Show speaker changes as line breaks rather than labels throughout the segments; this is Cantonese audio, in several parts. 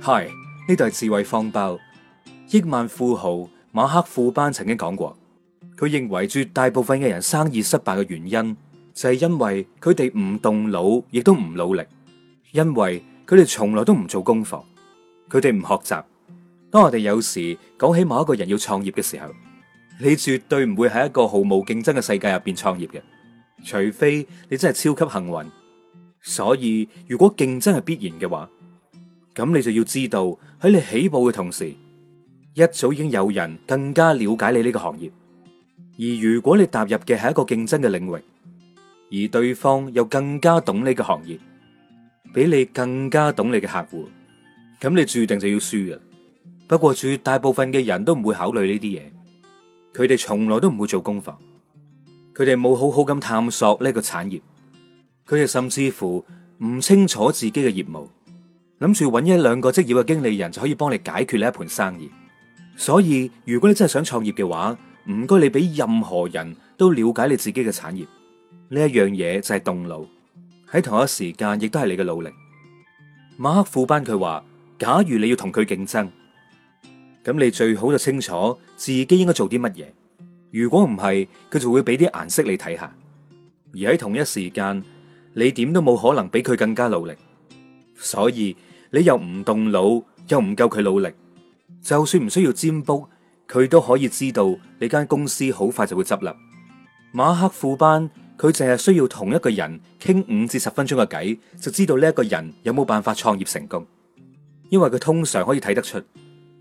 嗨，呢度係智慧方包。億萬富豪馬克庫班曾經講過，佢認為絕大部分嘅人生意失敗嘅原因就係因為佢哋唔動腦，亦都唔努力，因為佢哋從來都唔做功課，佢哋唔學習。當我哋有時講起某一個人要創業嘅時候，你絕對唔會喺一個毫無競爭嘅世界入邊創業嘅，除非你真係超級幸運。所以如果競爭係必然嘅話，咁你就要知道喺你起步嘅同時，一早已經有人更加了解你呢個行業。而如果你踏入嘅係一個競爭嘅領域，而對方又更加懂你呢個行業，比你更加懂你嘅客戶，咁你注定就要輸嘅。不過絕大部分嘅人都唔會考慮呢啲嘢，佢哋從來都唔會做功課，佢哋冇好好咁探索呢個產業，佢哋甚至乎唔清楚自己嘅業務。諗住搵一兩個職業嘅經理人就可以幫你解決呢一盤生意，所以如果你真係想創業嘅話，唔該你俾任何人都了解你自己嘅產業。呢一樣嘢就係動腦，喺同一時間亦都係你嘅努力。馬克副班佢話：假如你要同佢競爭，咁你最好就清楚自己應該做啲乜嘢。如果唔係，佢就會俾啲顏色你睇下，而喺同一時間，你點都冇可能比佢更加努力。所以你又唔動腦，又唔夠佢努力。就算唔需要占卜，佢都可以知道你間公司好快就會執笠。馬克副班佢淨係需要同一個人傾五至十分鐘嘅偈，就知道呢一個人有冇辦法創業成功。因為佢通常可以睇得出，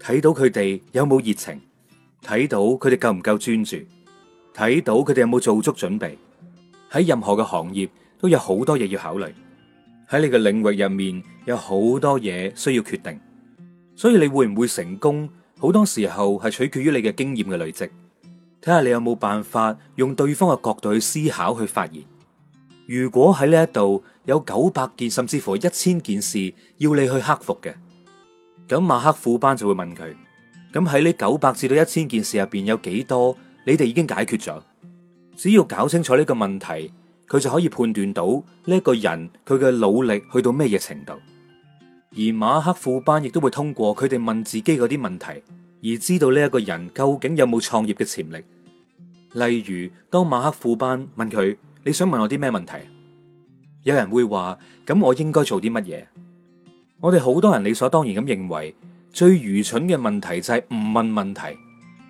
睇到佢哋有冇熱情，睇到佢哋夠唔夠專注，睇到佢哋有冇做足準備。喺任何嘅行業都有好多嘢要考慮。喺你嘅領域入面有好多嘢需要決定，所以你會唔會成功？好多時候係取決於你嘅經驗嘅累積。睇下你有冇辦法用對方嘅角度去思考、去發現。如果喺呢一度有九百件甚至乎一千件事要你去克服嘅，咁馬克庫班就會問佢：咁喺呢九百至到一千件事入邊有幾多你哋已經解決咗？只要搞清楚呢個問題。佢就可以判斷到呢一個人佢嘅努力去到咩嘢程度，而馬克庫班亦都會通過佢哋問自己嗰啲問題而知道呢一個人究竟有冇創業嘅潛力。例如，當馬克庫班問佢，你想問我啲咩問題？有人會話，咁我應該做啲乜嘢？我哋好多人理所當然咁認為最愚蠢嘅問題就係唔問問題，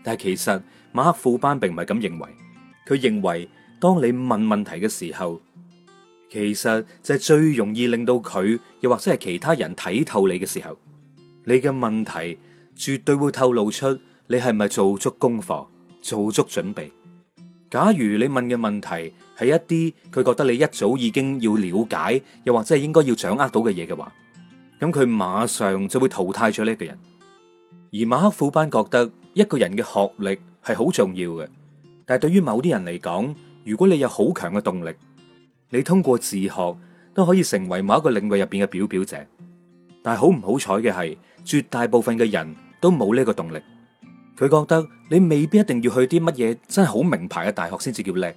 但係其實馬克庫班並唔係咁認為，佢認為。當你問問題嘅時候，其實就係最容易令到佢，又或者係其他人睇透你嘅時候，你嘅問題絕對會透露出你係咪做足功課、做足準備。假如你問嘅問題係一啲佢覺得你一早已經要了解，又或者係應該要掌握到嘅嘢嘅話，咁佢馬上就會淘汰咗呢個人。而馬克庫班覺得一個人嘅學歷係好重要嘅，但係對於某啲人嚟講，如果你有好強嘅動力，你通過自學都可以成為某一個領域入邊嘅表表者。但係好唔好彩嘅係，絕大部分嘅人都冇呢個動力。佢覺得你未必一定要去啲乜嘢真係好名牌嘅大學先至叫叻。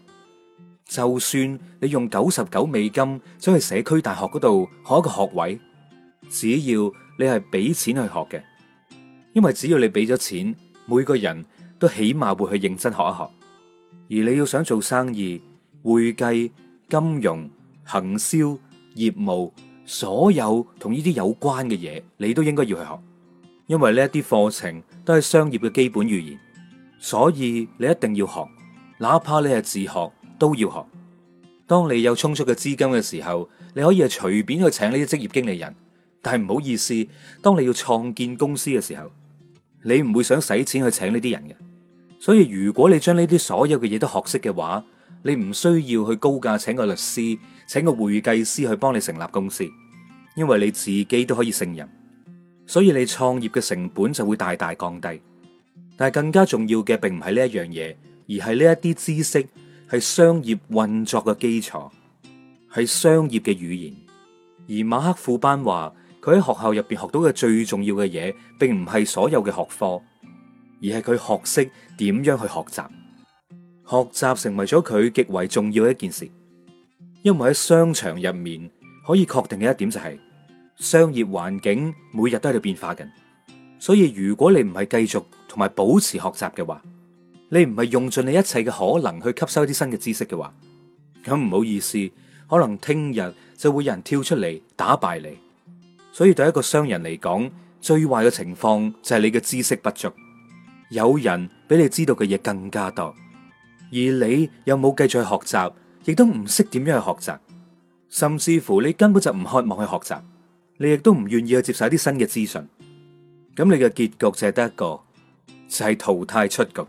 就算你用九十九美金走去社區大學嗰度學一個學位，只要你係俾錢去學嘅，因為只要你俾咗錢，每個人都起碼會去認真學一學。而你要想做生意、會計、金融、行銷、業務，所有同呢啲有關嘅嘢，你都應該要去學，因為呢一啲課程都係商業嘅基本語言，所以你一定要學，哪怕你係自學都要學。當你有充足嘅資金嘅時候，你可以係隨便去請呢啲職業經理人，但係唔好意思，當你要創建公司嘅時候，你唔會想使錢去請呢啲人嘅。所以如果你將呢啲所有嘅嘢都學識嘅話，你唔需要去高價請個律師、請個會計師去幫你成立公司，因為你自己都可以勝任。所以你創業嘅成本就會大大降低。但係更加重要嘅並唔係呢一樣嘢，而係呢一啲知識係商業運作嘅基礎，係商業嘅語言。而馬克庫班話，佢喺學校入邊學到嘅最重要嘅嘢，並唔係所有嘅學科。而係佢學識點樣去學習，學習成為咗佢極為重要嘅一件事。因為喺商場入面可以確定嘅一點就係商業環境每日都喺度變化緊，所以如果你唔係繼續同埋保持學習嘅話，你唔係用盡你一切嘅可能去吸收啲新嘅知識嘅話，咁唔好意思，可能聽日就會有人跳出嚟打敗你。所以對一個商人嚟講，最壞嘅情況就係你嘅知識不足。有人比你知道嘅嘢更加多，而你又冇繼續去學習，亦都唔識點樣去學習，甚至乎你根本就唔渴望去學習，你亦都唔願意去接受一啲新嘅資訊。咁你嘅結局就係得一個，就係淘汰出局。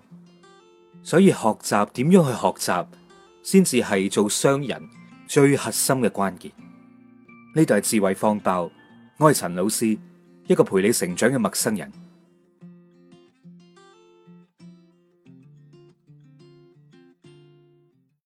所以學習點樣去學習，先至係做商人最核心嘅關鍵。呢度係智慧方包，我係陳老師，一個陪你成長嘅陌生人。